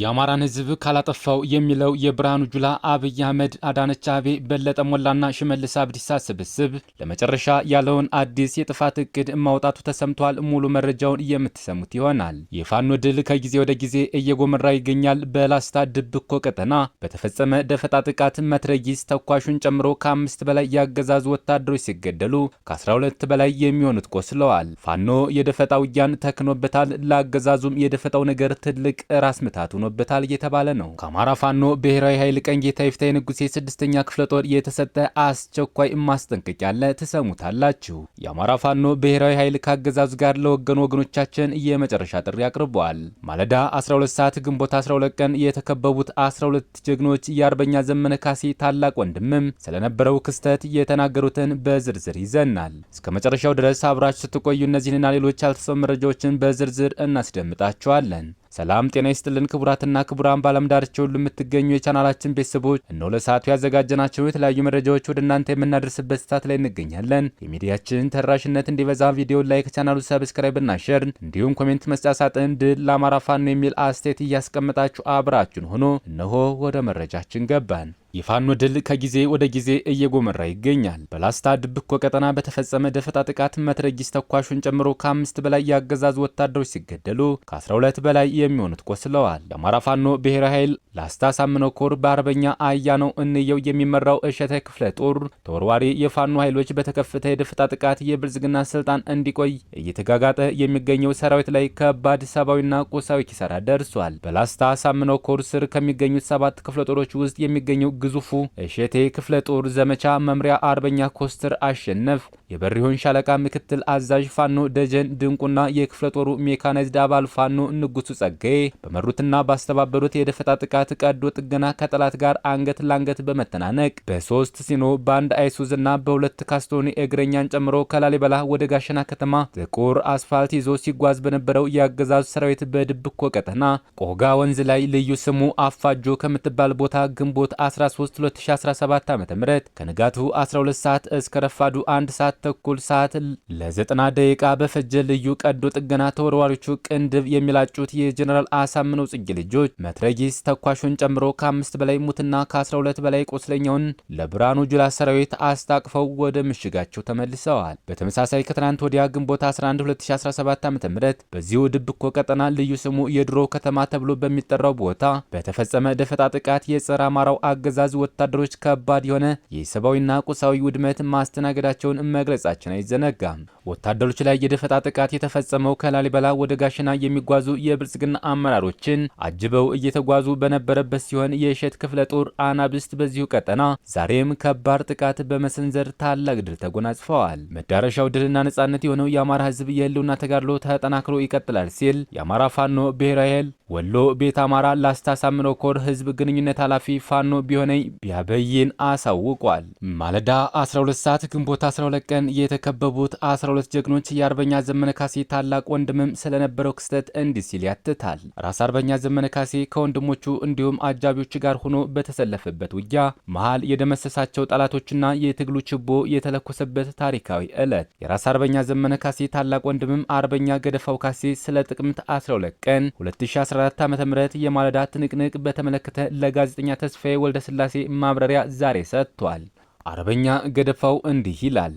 የአማራን ህዝብ ካላጠፋው የሚለው የብርሃኑ ጁላ፣ አብይ አህመድ፣ አዳነች አቤ፣ በለጠ ሞላና ሽመልስ አብዲሳ ስብስብ ለመጨረሻ ያለውን አዲስ የጥፋት እቅድ ማውጣቱ ተሰምቷል። ሙሉ መረጃውን የምትሰሙት ይሆናል። የፋኖ ድል ከጊዜ ወደ ጊዜ እየጎመራ ይገኛል። በላስታ ድብኮ ቀጠና በተፈጸመ ደፈጣ ጥቃት መትረጊስ ተኳሹን ጨምሮ ከአምስት በላይ ያገዛዙ ወታደሮች ሲገደሉ ከ12 በላይ የሚሆኑት ቆስለዋል። ፋኖ የደፈጣ ውጊያን ተክኖበታል። ለአገዛዙም የደፈጣው ነገር ትልቅ ራስ ምታቱ ሆኖበታል እየተባለ ነው። ከአማራ ፋኖ ብሔራዊ ኃይል ጌታ ይፍታ የንጉሴ ስድስተኛ ክፍለ ጦር የተሰጠ አስቸኳይ ማስጠንቀቂያ አለ። ትሰሙታላችሁ። የአማራ ፋኖ ብሔራዊ ኃይል ከአገዛዙ ጋር ለወገኑ ወገኖቻችን የመጨረሻ ጥሪ አቅርበዋል። ማለዳ 12 ሰዓት ግንቦት 12 ቀን የተከበቡት 12 ጀግኖች የአርበኛ ዘመነ ካሴ ታላቅ ወንድምም ስለነበረው ክስተት የተናገሩትን በዝርዝር ይዘናል። እስከ መጨረሻው ድረስ አብራችሁ ስትቆዩ እነዚህንና ሌሎች ያልተሰሙ መረጃዎችን በዝርዝር እናስደምጣችኋለን። ሰላም ጤና ይስጥልን ክቡራትና ክቡራን በዓለም ዳርቻ ሁሉ የምትገኙ የቻናላችን ቤተሰቦች፣ እነሆ ለሰዓቱ ያዘጋጀናቸው የተለያዩ መረጃዎች ወደ እናንተ የምናደርስበት ሰዓት ላይ እንገኛለን። የሚዲያችን ተደራሽነት እንዲበዛ ቪዲዮ ላይ ከቻናሉ ሰብስክራይብ እና ሸር እንዲሁም ኮሜንት መስጫ ሳጥን ድል ለአማራ ፋኖ የሚል አስተያየት እያስቀመጣችሁ አብራችን ሆኖ እነሆ ወደ መረጃችን ገባን። የፋኖ ድል ከጊዜ ወደ ጊዜ እየጎመራ ይገኛል። በላስታ ድብኮ ቀጠና በተፈጸመ ደፈጣ ጥቃት መትረጊስ ተኳሹን ጨምሮ ከአምስት በላይ የአገዛዙ ወታደሮች ሲገደሉ ከ12 በላይ የሚሆኑት ቆስለዋል። የአማራ ፋኖ ብሔራዊ ኃይል ላስታ ሳምነው ኮር በአርበኛ አያ ነው እንየው የሚመራው እሸተ ክፍለ ጦር ተወርዋሪ የፋኖ ኃይሎች በተከፈተ የደፈጣ ጥቃት የብልጽግና ስልጣን እንዲቆይ እየተጋጋጠ የሚገኘው ሰራዊት ላይ ከባድ ሰብአዊና ቁሳዊ ኪሳራ ደርሷል። በላስታ ሳምነው ኮር ስር ከሚገኙት ሰባት ክፍለ ጦሮች ውስጥ የሚገኘው ግዙፉ እሸቴ ክፍለ ጦር ዘመቻ መምሪያ አርበኛ ኮስተር አሸነፍ፣ የበሪሆን ሻለቃ ምክትል አዛዥ ፋኖ ደጀን ድንቁና የክፍለ ጦሩ ሜካናይዝድ አባል ፋኖ ንጉሱ ጸጋዬ በመሩትና ባስተባበሩት የደፈጣ ጥቃት ቀዶ ጥገና ከጠላት ጋር አንገት ላንገት በመተናነቅ በሶስት ሲኖ በአንድ አይሱዝና በሁለት ካስቶኒ እግረኛን ጨምሮ ከላሊበላ ወደ ጋሸና ከተማ ጥቁር አስፋልት ይዞ ሲጓዝ በነበረው የአገዛዙ ሰራዊት በድብኮ ቀጠና ቆጋ ወንዝ ላይ ልዩ ስሙ አፋጆ ከምትባል ቦታ ግንቦት 13 13 2017 ዓ.ም ከንጋቱ 12 ሰዓት እስከ ረፋዱ 1 ሰዓት ተኩል ሰዓት ለ90 ደቂቃ በፈጀ ልዩ ቀዶ ጥገና ተወርዋሪዎቹ ቅንድብ የሚላጩት የጀኔራል አሳምነው ጽጌ ልጆች መትረጊስ ተኳሹን ጨምሮ ከአምስት በላይ ሙትና ከ12 በላይ ቆስለኛውን ለብርሃኑ ጁላ ሰራዊት አስታቅፈው ወደ ምሽጋቸው ተመልሰዋል። በተመሳሳይ ከትናንት ወዲያ ግንቦት 11 2017 ዓ.ም በዚሁ ድብኮ ቀጠና ልዩ ስሙ የድሮ ከተማ ተብሎ በሚጠራው ቦታ በተፈጸመ ደፈጣ ጥቃት የጸረ አማራው አገዛ የአገዛዙ ወታደሮች ከባድ የሆነ የሰብአዊና ቁሳዊ ውድመት ማስተናገዳቸውን መግለጻችን አይዘነጋም። ወታደሮች ላይ የደፈጣ ጥቃት የተፈጸመው ከላሊበላ ወደ ጋሸና የሚጓዙ የብልጽግና አመራሮችን አጅበው እየተጓዙ በነበረበት ሲሆን የእሸት ክፍለ ጦር አናብስት በዚሁ ቀጠና ዛሬም ከባድ ጥቃት በመሰንዘር ታላቅ ድል ተጎናጽፈዋል። መዳረሻው ድልና ነጻነት የሆነው የአማራ ሕዝብ የህልውና ተጋድሎ ተጠናክሮ ይቀጥላል ሲል የአማራ ፋኖ ብሔራዊ ኃይል ወሎ ቤት አማራ ላስታ ሳምኖ ኮር ሕዝብ ግንኙነት ኃላፊ ፋኖ ቢሆነኝ ቢያበይን አሳውቋል። ማለዳ 12 ሰዓት ግንቦት 12 ቀን የተከበቡት ሁለት ጀግኖች የአርበኛ ዘመነ ካሴ ታላቅ ወንድምም ስለነበረው ክስተት እንዲህ ሲል ያትታል። ራስ አርበኛ ዘመነ ካሴ ከወንድሞቹ እንዲሁም አጃቢዎች ጋር ሆኖ በተሰለፈበት ውጊያ መሃል የደመሰሳቸው ጠላቶችና የትግሉ ችቦ የተለኮሰበት ታሪካዊ ዕለት የራስ አርበኛ ዘመነ ካሴ ታላቅ ወንድምም አርበኛ ገደፋው ካሴ ስለ ጥቅምት 12 ቀን 2014 ዓ.ም የማለዳ ትንቅንቅ በተመለከተ ለጋዜጠኛ ተስፋዬ ወልደ ስላሴ ማብራሪያ ዛሬ ሰጥቷል። አርበኛ ገደፋው እንዲህ ይላል።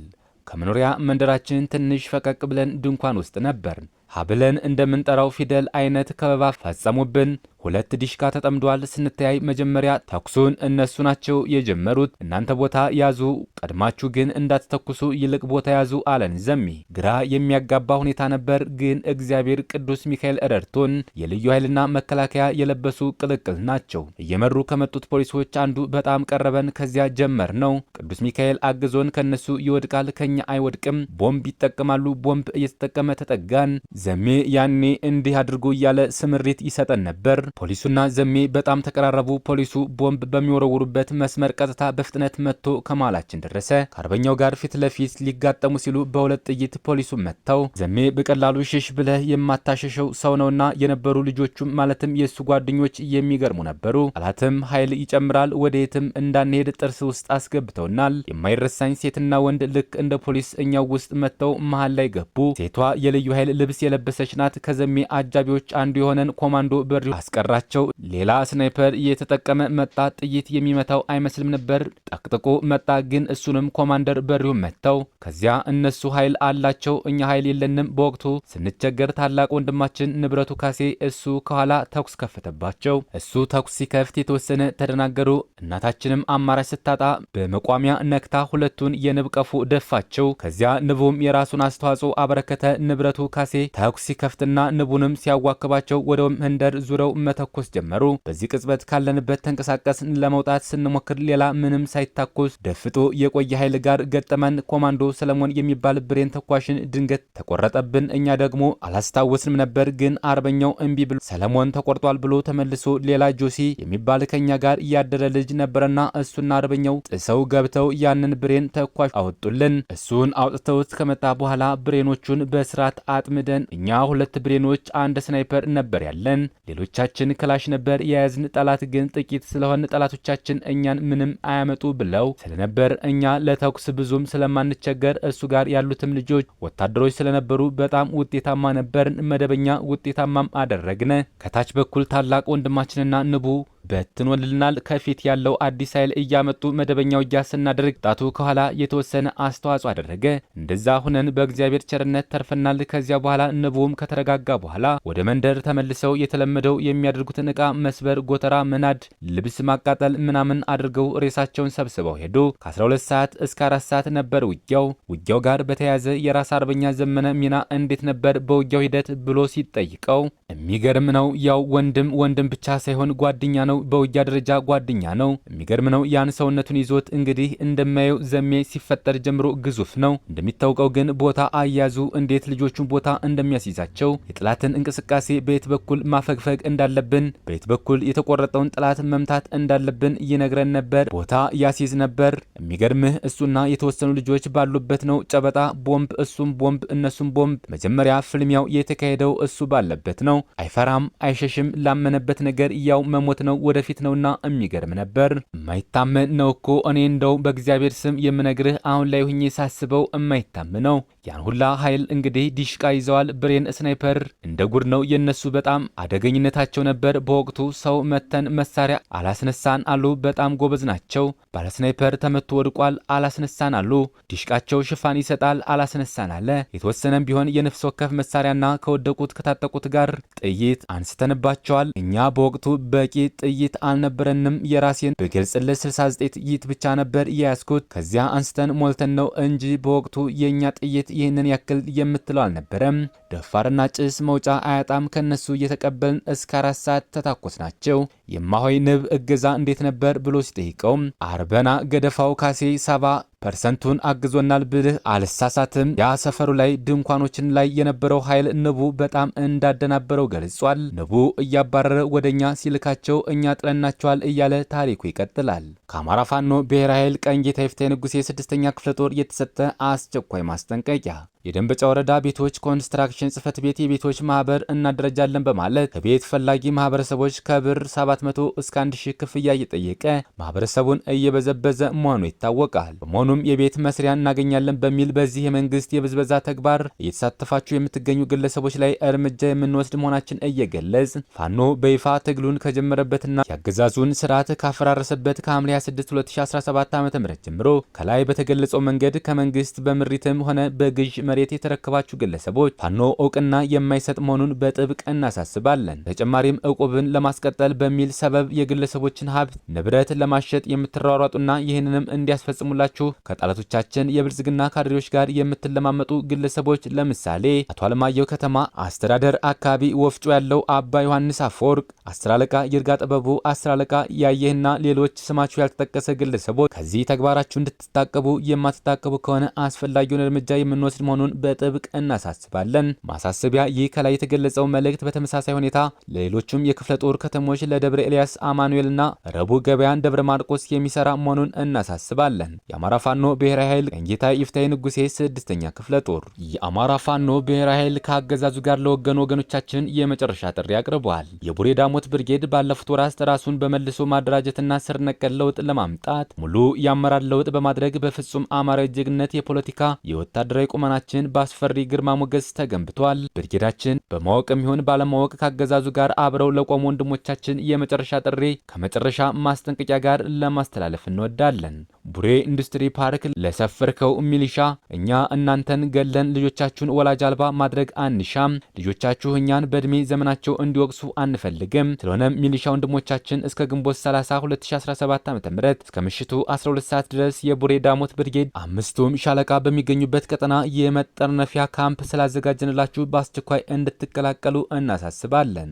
ከመኖሪያ መንደራችን ትንሽ ፈቀቅ ብለን ድንኳን ውስጥ ነበርን። ሀ እንደምንጠራው ፊደል አይነት ከበባ ፈጸሙብን። ሁለት ዲሽቃ ተጠምዷል። ስንተያይ መጀመሪያ ተኩሱን እነሱ ናቸው የጀመሩት። እናንተ ቦታ ያዙ፣ ቀድማችሁ ግን እንዳትተኩሱ ይልቅ ቦታ ያዙ አለን ዘሚ። ግራ የሚያጋባ ሁኔታ ነበር፣ ግን እግዚአብሔር ቅዱስ ሚካኤል ረድቶን የልዩ ኃይልና መከላከያ የለበሱ ቅልቅል ናቸው። እየመሩ ከመጡት ፖሊሶች አንዱ በጣም ቀረበን። ከዚያ ጀመር ነው። ቅዱስ ሚካኤል አግዞን ከነሱ ይወድቃል፣ ከኛ አይወድቅም። ቦምብ ይጠቀማሉ። ቦምብ እየተጠቀመ ተጠጋን። ዘሜ ያኔ እንዲህ አድርጎ እያለ ስምሪት ይሰጠን ነበር። ፖሊሱና ዘሜ በጣም ተቀራረቡ። ፖሊሱ ቦምብ በሚወረውሩበት መስመር ቀጥታ በፍጥነት መጥቶ ከመሃላችን ደረሰ። ከአርበኛው ጋር ፊት ለፊት ሊጋጠሙ ሲሉ በሁለት ጥይት ፖሊሱ መጥተው፣ ዘሜ በቀላሉ ሽሽ ብለህ የማታሸሸው ሰው ነውና የነበሩ ልጆቹም ማለትም የእሱ ጓደኞች የሚገርሙ ነበሩ። ጠላትም ኃይል ይጨምራል። ወደየትም እንዳንሄድ ጥርስ ውስጥ አስገብተውናል። የማይረሳኝ ሴትና ወንድ ልክ እንደ ፖሊስ እኛው ውስጥ መጥተው መሃል ላይ ገቡ። ሴቷ የልዩ ኃይል ልብስ የለበሰች ናት። ከዘሜ አጃቢዎች አንዱ የሆነን ኮማንዶ በሪ አስቀራቸው። ሌላ ስናይፐር የተጠቀመ መጣ። ጥይት የሚመታው አይመስልም ነበር። ጠቅጥቆ መጣ። ግን እሱንም ኮማንደር በሪው መተው። ከዚያ እነሱ ኃይል አላቸው፣ እኛ ኃይል የለንም። በወቅቱ ስንቸገር ታላቅ ወንድማችን ንብረቱ ካሴ እሱ ከኋላ ተኩስ ከፈተባቸው። እሱ ተኩስ ሲከፍት የተወሰነ ተደናገሩ። እናታችንም አማራጭ ስታጣ በመቋሚያ ነክታ ሁለቱን የንብ ቀፉ ደፋቸው። ከዚያ ንቡም የራሱን አስተዋጽኦ አበረከተ። ንብረቱ ካሴ ተኩስ ሲከፍትና ንቡንም ሲያዋክባቸው ወደ መንደር ዙረው መተኮስ ጀመሩ። በዚህ ቅጽበት ካለንበት ተንቀሳቀስ ለመውጣት ስንሞክር ሌላ ምንም ሳይታኮስ ደፍጦ የቆየ ኃይል ጋር ገጠመን። ኮማንዶ ሰለሞን የሚባል ብሬን ተኳሽን ድንገት ተቆረጠብን። እኛ ደግሞ አላስታወስንም ነበር፣ ግን አርበኛው እምቢ ብሎ ሰለሞን ተቆርጧል ብሎ ተመልሶ ሌላ ጆሲ የሚባል ከኛ ጋር እያደረ ልጅ ነበረና እሱና አርበኛው ጥሰው ገብተው ያንን ብሬን ተኳሽ አወጡልን። እሱን አውጥተውት ከመጣ በኋላ ብሬኖቹን በስርዓት አጥምደን እኛ ሁለት ብሬኖች አንድ ስናይፐር ነበር ያለን። ሌሎቻችን ክላሽ ነበር የያዝን። ጠላት ግን ጥቂት ስለሆነ ጠላቶቻችን እኛን ምንም አያመጡ ብለው ስለነበር እኛ ለተኩስ ብዙም ስለማንቸገር እሱ ጋር ያሉትም ልጆች ወታደሮች ስለነበሩ በጣም ውጤታማ ነበርን። መደበኛ ውጤታማም አደረግነ። ከታች በኩል ታላቅ ወንድማችንና ንቡ በትን ወልልናል። ከፊት ያለው አዲስ ኃይል እያመጡ መደበኛ ውጊያ ስናደርግ ጣቱ ከኋላ የተወሰነ አስተዋጽኦ አደረገ። እንደዛ ሁነን በእግዚአብሔር ቸርነት ተርፈናል። ከዚያ በኋላ ንቦም ከተረጋጋ በኋላ ወደ መንደር ተመልሰው የተለመደው የሚያደርጉትን ዕቃ መስበር፣ ጎተራ፣ መናድ፣ ልብስ ማቃጠል ምናምን አድርገው ሬሳቸውን ሰብስበው ሄዱ። ከ12 ሰዓት እስከ 4 ሰዓት ነበር ውጊያው። ውጊያው ጋር በተያያዘ የራስ አርበኛ ዘመነ ሚና እንዴት ነበር በውጊያው ሂደት ብሎ ሲጠይቀው የሚገርም ነው። ያው ወንድም ወንድም ብቻ ሳይሆን ጓደኛ ነው ነው፣ በውጊያ ደረጃ ጓደኛ ነው። የሚገርም ነው። ያን ሰውነቱን ይዞት እንግዲህ እንደማየው ዘሜ ሲፈጠር ጀምሮ ግዙፍ ነው። እንደሚታወቀው ግን ቦታ አያዙ እንዴት ልጆቹን ቦታ እንደሚያስይዛቸው የጠላትን እንቅስቃሴ በየት በኩል ማፈግፈግ እንዳለብን፣ በየት በኩል የተቆረጠውን ጠላት መምታት እንዳለብን ይነግረን ነበር። ቦታ ያስይዝ ነበር። የሚገርምህ እሱና የተወሰኑ ልጆች ባሉበት ነው ጨበጣ ቦምብ፣ እሱም ቦምብ፣ እነሱም ቦምብ። መጀመሪያ ፍልሚያው የተካሄደው እሱ ባለበት ነው። አይፈራም፣ አይሸሽም። ላመነበት ነገር ያው መሞት ነው ወደፊት ነውና የሚገርም ነበር። የማይታመን ነው እኮ እኔ እንደው በእግዚአብሔር ስም የምነግርህ አሁን ላይ ሁኜ ሳስበው የማይታመን ነው። ያን ሁላ ኃይል እንግዲህ ዲሽቃ ይዘዋል፣ ብሬን ስናይፐር እንደ ጉድ ነው የነሱ። በጣም አደገኝነታቸው ነበር በወቅቱ ሰው መተን መሳሪያ አላስነሳን አሉ። በጣም ጎበዝ ናቸው። ባለስናይፐር ተመቶ ወድቋል፣ አላስነሳን አሉ። ዲሽቃቸው ሽፋን ይሰጣል፣ አላስነሳን አለ። የተወሰነም ቢሆን የነፍስ ወከፍ መሳሪያና ከወደቁት ከታጠቁት ጋር ጥይት አንስተንባቸዋል። እኛ በወቅቱ በቂ ጥይት ጥይት አልነበረንም። የራሴን በግልጽልህ 69 ጥይት ብቻ ነበር የያዝኩት። ከዚያ አንስተን ሞልተን ነው እንጂ በወቅቱ የእኛ ጥይት ይህንን ያክል የምትለው አልነበረም። ደፋርና ጭስ መውጫ አያጣም። ከነሱ እየተቀበልን እስከ አራት ሰዓት ተታኮስ ናቸው። የማሆይ ንብ እገዛ እንዴት ነበር ብሎ ሲጠይቀውም አርበና ገደፋው ካሴ ሰባ ፐርሰንቱን አግዞናል ብልህ አልሳሳትም። ያ ሰፈሩ ላይ ድንኳኖችን ላይ የነበረው ኃይል ንቡ በጣም እንዳደናበረው ገልጿል። ንቡ እያባረረ ወደኛ ሲልካቸው እኛ ጥለናቸዋል እያለ ታሪኩ ይቀጥላል። ከአማራ ፋኖ ብሔራዊ ኃይል ቀኝ ጌታ የፍትሄ ንጉሴ ስድስተኛ ክፍለ ጦር የተሰጠ አስቸኳይ ማስጠንቀቂያ የደንበጫ ወረዳ ቤቶች ኮንስትራክሽን ጽህፈት ቤት የቤቶች ማህበር እናደረጃለን በማለት ከቤት ፈላጊ ማህበረሰቦች ከብር 700 እስከ 1000 ክፍያ እየጠየቀ ማህበረሰቡን እየበዘበዘ መሆኑ ይታወቃል። በመሆኑም የቤት መስሪያ እናገኛለን በሚል በዚህ የመንግስት የብዝበዛ ተግባር እየተሳተፋችሁ የምትገኙ ግለሰቦች ላይ እርምጃ የምንወስድ መሆናችን እየገለጽ ፋኖ በይፋ ትግሉን ከጀመረበትና ያገዛዙን ስርዓት ካፈራረሰበት ከሐምሌ 26 2017 ዓ.ም ጀምሮ ከላይ በተገለጸው መንገድ ከመንግስት በምሪትም ሆነ በግዥ መሬት የተረከባችሁ ግለሰቦች ፋኖ እውቅና የማይሰጥ መሆኑን በጥብቅ እናሳስባለን። በተጨማሪም እቁብን ለማስቀጠል በሚል ሰበብ የግለሰቦችን ሀብት ንብረት ለማሸጥ የምትሯሯጡና ይህንንም እንዲያስፈጽሙላችሁ ከጠላቶቻችን የብልጽግና ካድሬዎች ጋር የምትለማመጡ ግለሰቦች ለምሳሌ አቶ አለማየሁ ከተማ አስተዳደር አካባቢ ወፍጮ ያለው አባ ዮሐንስ አፈወርቅ፣ አስር አለቃ ይርጋ ጥበቡ፣ አስር አለቃ ያየህና ሌሎች ስማችሁ ያልተጠቀሰ ግለሰቦች ከዚህ ተግባራችሁ እንድትታቀቡ የማትታቀቡ ከሆነ አስፈላጊውን እርምጃ የምንወስድ መሆኑ መሆኑን በጥብቅ እናሳስባለን። ማሳሰቢያ ይህ ከላይ የተገለጸው መልእክት በተመሳሳይ ሁኔታ ለሌሎችም የክፍለ ጦር ከተሞች ለደብረ ኤልያስ፣ አማኑኤልና ረቡዕ ገበያን ደብረ ማርቆስ የሚሰራ መሆኑን እናሳስባለን። የአማራ ፋኖ ብሔራዊ ኃይል ቀኝጌታ ይፍታይ ንጉሴ ስድስተኛ ክፍለ ጦር የአማራ ፋኖ ብሔራዊ ኃይል ከአገዛዙ ጋር ለወገኑ ወገኖቻችን የመጨረሻ ጥሪ አቅርበዋል። የቡሬ ዳሞት ብርጌድ ባለፉት ወራት ራሱን በመልሶ ማደራጀትና ስር ነቀል ለውጥ ለማምጣት ሙሉ የአመራር ለውጥ በማድረግ በፍጹም አማራዊ ጀግነት የፖለቲካ የወታደራዊ ቁመናቸው ሀገራችን በአስፈሪ ግርማ ሞገስ ተገንብቷል። ብርጌዳችን በማወቅም ይሁን ባለማወቅ ካገዛዙ ጋር አብረው ለቆሙ ወንድሞቻችን የመጨረሻ ጥሪ ከመጨረሻ ማስጠንቀቂያ ጋር ለማስተላለፍ እንወዳለን። ቡሬ ኢንዱስትሪ ፓርክ ለሰፈርከው ሚሊሻ እኛ እናንተን ገለን ልጆቻችሁን ወላጅ አልባ ማድረግ አንሻም። ልጆቻችሁ እኛን በእድሜ ዘመናቸው እንዲወቅሱ አንፈልግም። ስለሆነም ሚሊሻ ወንድሞቻችን እስከ ግንቦት 30 2017 ዓ.ም እስከ ምሽቱ 12 ሰዓት ድረስ የቡሬ ዳሞት ብርጌድ አምስቱም ሻለቃ በሚገኙበት ቀጠና መጠርነፊያ ካምፕ ስላዘጋጀንላችሁ በአስቸኳይ እንድትቀላቀሉ እናሳስባለን።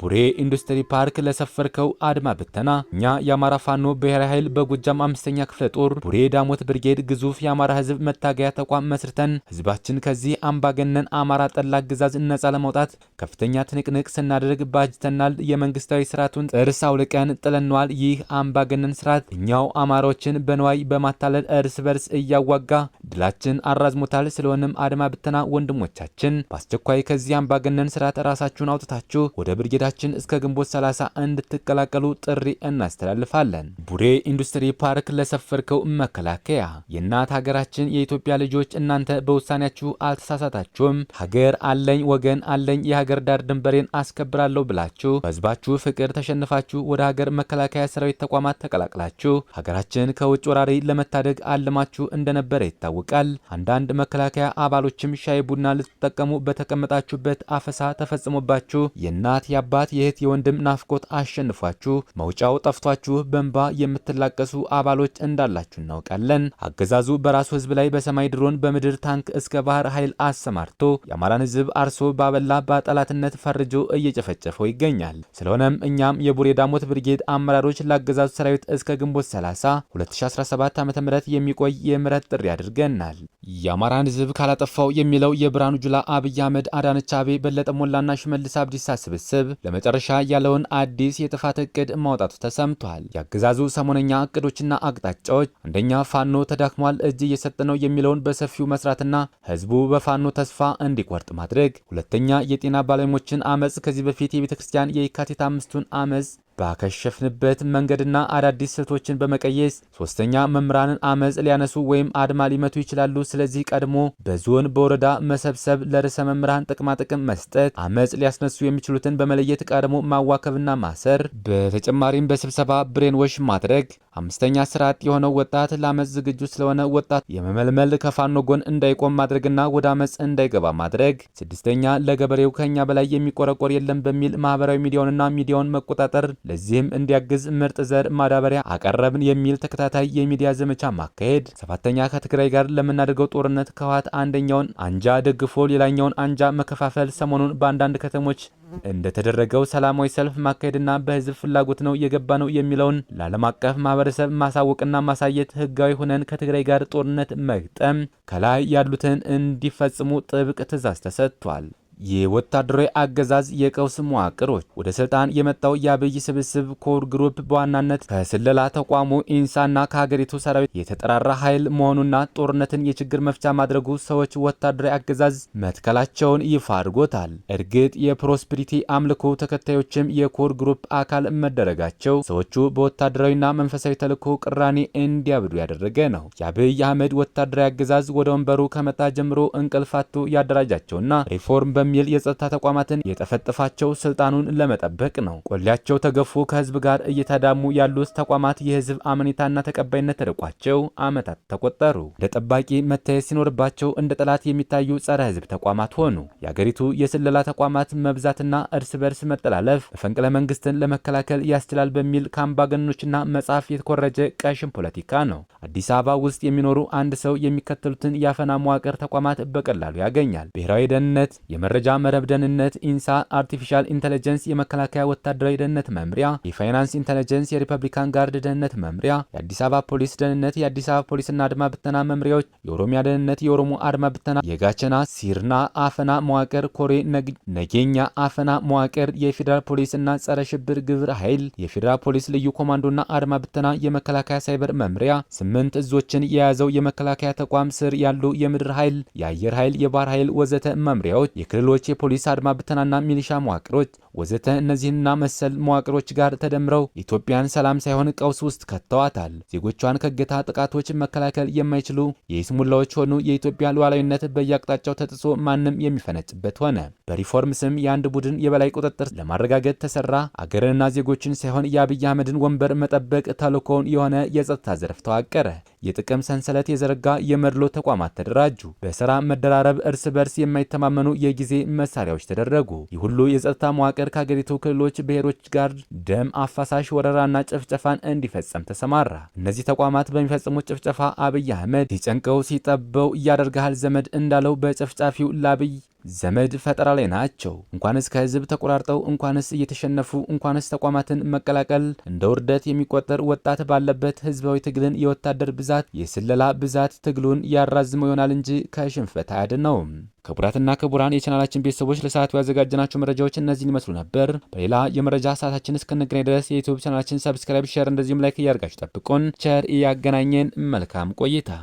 ቡሬ ኢንዱስትሪ ፓርክ ለሰፈርከው አድማ ብተና እኛ የአማራ ፋኖ ብሔራዊ ኃይል በጎጃም አምስተኛ ክፍለ ጦር ቡሬ ዳሞት ብርጌድ ግዙፍ የአማራ ህዝብ መታገያ ተቋም መስርተን ህዝባችን ከዚህ አምባገነን አማራ ጠላ አገዛዝ ነጻ ለማውጣት ከፍተኛ ትንቅንቅ ስናደርግ ባጅተናል። የመንግስታዊ ስርዓቱን ጥርስ አውልቀን ጥለነዋል። ይህ አምባገነን ስርዓት እኛው አማራዎችን በንዋይ በማታለል እርስ በርስ እያዋጋ ድላችን አራዝሞታል። ስለሆነም አድማ ብተና ወንድሞቻችን በአስቸኳይ ከዚህ አምባገነን ስርዓት ራሳችሁን አውጥታችሁ ወደ ብርጌ ብርጌዳችን እስከ ግንቦት 30 እንድትቀላቀሉ ጥሪ እናስተላልፋለን። ቡሬ ኢንዱስትሪ ፓርክ ለሰፈርከው መከላከያ የእናት ሀገራችን የኢትዮጵያ ልጆች እናንተ በውሳኔያችሁ አልተሳሳታችሁም። ሀገር አለኝ ወገን አለኝ የሀገር ዳር ድንበሬን አስከብራለሁ ብላችሁ በህዝባችሁ ፍቅር ተሸንፋችሁ ወደ ሀገር መከላከያ ሰራዊት ተቋማት ተቀላቅላችሁ ሀገራችን ከውጭ ወራሪ ለመታደግ አልማችሁ እንደነበረ ይታወቃል። አንዳንድ መከላከያ አባሎችም ሻይ ቡና ልትጠቀሙ በተቀመጣችሁበት አፈሳ ተፈጽሞባችሁ የእናት ያ የአባት የእህት የወንድም ናፍቆት አሸንፏችሁ መውጫው ጠፍቷችሁ በንባ የምትላቀሱ አባሎች እንዳላችሁ እናውቃለን። አገዛዙ በራሱ ህዝብ ላይ በሰማይ ድሮን በምድር ታንክ እስከ ባህር ኃይል አሰማርቶ የአማራን ህዝብ አርሶ ባበላ በጠላትነት ፈርጆ እየጨፈጨፈው ይገኛል። ስለሆነም እኛም የቡሬ ዳሞት ብርጌድ አመራሮች ለአገዛዙ ሰራዊት እስከ ግንቦት 30 2017 ዓ.ም የሚቆይ የምረት ጥሪ አድርገናል። የአማራን ህዝብ ካላጠፋው የሚለው የብርሃኑ ጁላ አብይ አህመድ አዳነች አቤ በለጠ ሞላና ሽመልስ አብዲሳ ስብስብ ለመጨረሻ ያለውን አዲስ የጥፋት እቅድ ማውጣቱ ተሰምቷል። የአገዛዙ ሰሞነኛ እቅዶችና አቅጣጫዎች አንደኛ ፋኖ ተዳክሟል፣ እጅ እየሰጠ ነው የሚለውን በሰፊው መስራትና ህዝቡ በፋኖ ተስፋ እንዲቆርጥ ማድረግ፣ ሁለተኛ የጤና ባለሙያዎችን አመፅ ከዚህ በፊት የቤተክርስቲያን የካቲት አምስቱን አመፅ ባከሸፍንበት መንገድና አዳዲስ ስልቶችን በመቀየስ ሶስተኛ መምህራንን አመፅ ሊያነሱ ወይም አድማ ሊመቱ ይችላሉ። ስለዚህ ቀድሞ በዞን በወረዳ መሰብሰብ፣ ለርዕሰ መምህራን ጥቅማጥቅም መስጠት፣ አመፅ ሊያስነሱ የሚችሉትን በመለየት ቀድሞ ማዋከብና ማሰር፣ በተጨማሪም በስብሰባ ብሬንዎሽ ማድረግ፣ አምስተኛ ስርዓት የሆነው ወጣት ለአመፅ ዝግጁ ስለሆነ ወጣት የመመልመል ከፋኖ ጎን እንዳይቆም ማድረግና ወደ አመፅ እንዳይገባ ማድረግ። ስድስተኛ ለገበሬው ከኛ በላይ የሚቆረቆር የለም በሚል ማህበራዊ ሚዲያውንና ሚዲያውን መቆጣጠር፣ ለዚህም እንዲያግዝ ምርጥ ዘር ማዳበሪያ አቀረብን የሚል ተከታታይ የሚዲያ ዘመቻ ማካሄድ። ሰባተኛ ከትግራይ ጋር ለምናደርገው ጦርነት ከዋት አንደኛውን አንጃ ደግፎ ሌላኛውን አንጃ መከፋፈል ሰሞኑን በአንዳንድ ከተሞች እንደተደረገው ሰላማዊ ሰልፍ ማካሄድና በህዝብ ፍላጎት ነው እየገባ ነው የሚለውን ለዓለም አቀፍ ማህበረሰብ ማሳወቅና ማሳየት፣ ህጋዊ ሆነን ከትግራይ ጋር ጦርነት መግጠም፣ ከላይ ያሉትን እንዲፈጽሙ ጥብቅ ትዕዛዝ ተሰጥቷል። የወታደራዊ አገዛዝ የቀውስ መዋቅሮች ወደ ስልጣን የመጣው የአብይ ስብስብ ኮር ግሩፕ በዋናነት ከስለላ ተቋሙ ኢንሳና ከሀገሪቱ ሰራዊት የተጠራራ ኃይል መሆኑና ጦርነትን የችግር መፍቻ ማድረጉ ሰዎች ወታደራዊ አገዛዝ መትከላቸውን ይፋ አድርጎታል። እርግጥ የፕሮስፕሪቲ አምልኮ ተከታዮችም የኮር ግሩፕ አካል መደረጋቸው ሰዎቹ በወታደራዊና መንፈሳዊ ተልዕኮ ቅራኔ እንዲያብዱ ያደረገ ነው። የአብይ አህመድ ወታደራዊ አገዛዝ ወደ ወንበሩ ከመጣ ጀምሮ እንቅልፋቱ ያደራጃቸውና ሪፎርም በሚል የጸጥታ ተቋማትን የጠፈጠፋቸው ስልጣኑን ለመጠበቅ ነው። ቆሌያቸው ተገፎ ከህዝብ ጋር እየተዳሙ ያሉት ተቋማት የህዝብ አመኔታና ተቀባይነት ተደቋቸው አመታት ተቆጠሩ። እንደ ጠባቂ መታየት ሲኖርባቸው እንደ ጠላት የሚታዩ ጸረ ህዝብ ተቋማት ሆኑ። የአገሪቱ የስለላ ተቋማት መብዛትና እርስ በርስ መጠላለፍ መፈንቅለ መንግስትን ለመከላከል ያስችላል በሚል ከአምባገኖችና መጽሐፍ የተኮረጀ ቀሽም ፖለቲካ ነው። አዲስ አበባ ውስጥ የሚኖሩ አንድ ሰው የሚከተሉትን የአፈና መዋቅር ተቋማት በቀላሉ ያገኛል። ብሔራዊ ደህንነት፣ የመረ የመረጃ መረብ ደህንነት ኢንሳ፣ አርቲፊሻል ኢንተለጀንስ የመከላከያ ወታደራዊ ደህንነት መምሪያ፣ የፋይናንስ ኢንተለጀንስ የሪፐብሊካን ጋርድ ደህንነት መምሪያ፣ የአዲስ አበባ ፖሊስ ደህንነት የአዲስ አበባ ፖሊስና አድማ ብተና መምሪያዎች፣ የኦሮሚያ ደህንነት የኦሮሞ አድማ ብተና፣ የጋቸና ሲርና አፈና መዋቅር ኮሬ ነገኛ አፈና መዋቅር፣ የፌዴራል ፖሊስ እና ጸረ ሽብር ግብረ ኃይል፣ የፌዴራል ፖሊስ ልዩ ኮማንዶና አድማ ብተና፣ የመከላከያ ሳይበር መምሪያ፣ ስምንት እዞችን የያዘው የመከላከያ ተቋም ስር ያሉ የምድር ኃይል፣ የአየር ኃይል፣ የባህር ኃይል ወዘተ መምሪያዎች የክልል ክልሎች የፖሊስ አድማ ብተናና ሚሊሻ መዋቅሮች ወዘተ እነዚህና መሰል መዋቅሮች ጋር ተደምረው ኢትዮጵያን ሰላም ሳይሆን ቀውስ ውስጥ ከተዋታል። ዜጎቿን ከእገታ ጥቃቶች መከላከል የማይችሉ የይስሙላዎች ሆኑ። የኢትዮጵያ ሉዓላዊነት በየአቅጣጫው ተጥሶ ማንም የሚፈነጭበት ሆነ። በሪፎርም ስም የአንድ ቡድን የበላይ ቁጥጥር ለማረጋገጥ ተሰራ። አገርንና ዜጎችን ሳይሆን የአብይ አህመድን ወንበር መጠበቅ ተልእኮውን የሆነ የጸጥታ ዘርፍ ተዋቀረ። የጥቅም ሰንሰለት የዘረጋ የመድሎ ተቋማት ተደራጁ። በስራ መደራረብ እርስ በርስ የማይተማመኑ የጊዜ መሳሪያዎች ተደረጉ። ይህ ሁሉ የጸጥታ መዋቅር ከሀገሪቱ ክልሎች ብሔሮች ጋር ደም አፋሳሽ ወረራና ጭፍጨፋን እንዲፈጸም ተሰማራ። እነዚህ ተቋማት በሚፈጽሙት ጭፍጨፋ አብይ አህመድ ሲጨንቀው ሲጠበው እያደርግሃል ዘመድ እንዳለው በጨፍጫፊው ላብይ ዘመድ ፈጠራ ላይ ናቸው። እንኳንስ ከህዝብ ተቆራርጠው፣ እንኳንስ እየተሸነፉ፣ እንኳንስ ተቋማትን መቀላቀል እንደ ውርደት የሚቆጠር ወጣት ባለበት ህዝባዊ ትግልን የወታደር ብዛት፣ የስለላ ብዛት ትግሉን ያራዝመው ይሆናል እንጂ ከሽንፈት አያድነውም። ክቡራትና ክቡራን የቻናላችን ቤተሰቦች ለሰዓቱ ያዘጋጀናቸው መረጃዎች እነዚህን ይመስሉ ነበር። በሌላ የመረጃ ሰዓታችን እስክንገናኝ ድረስ የዩቲዩብ ቻናላችን ሰብስክራይብ፣ ሼር እንደዚሁም ላይክ እያደርጋችሁ ጠብቁን። ቸር እያገናኘን መልካም ቆይታ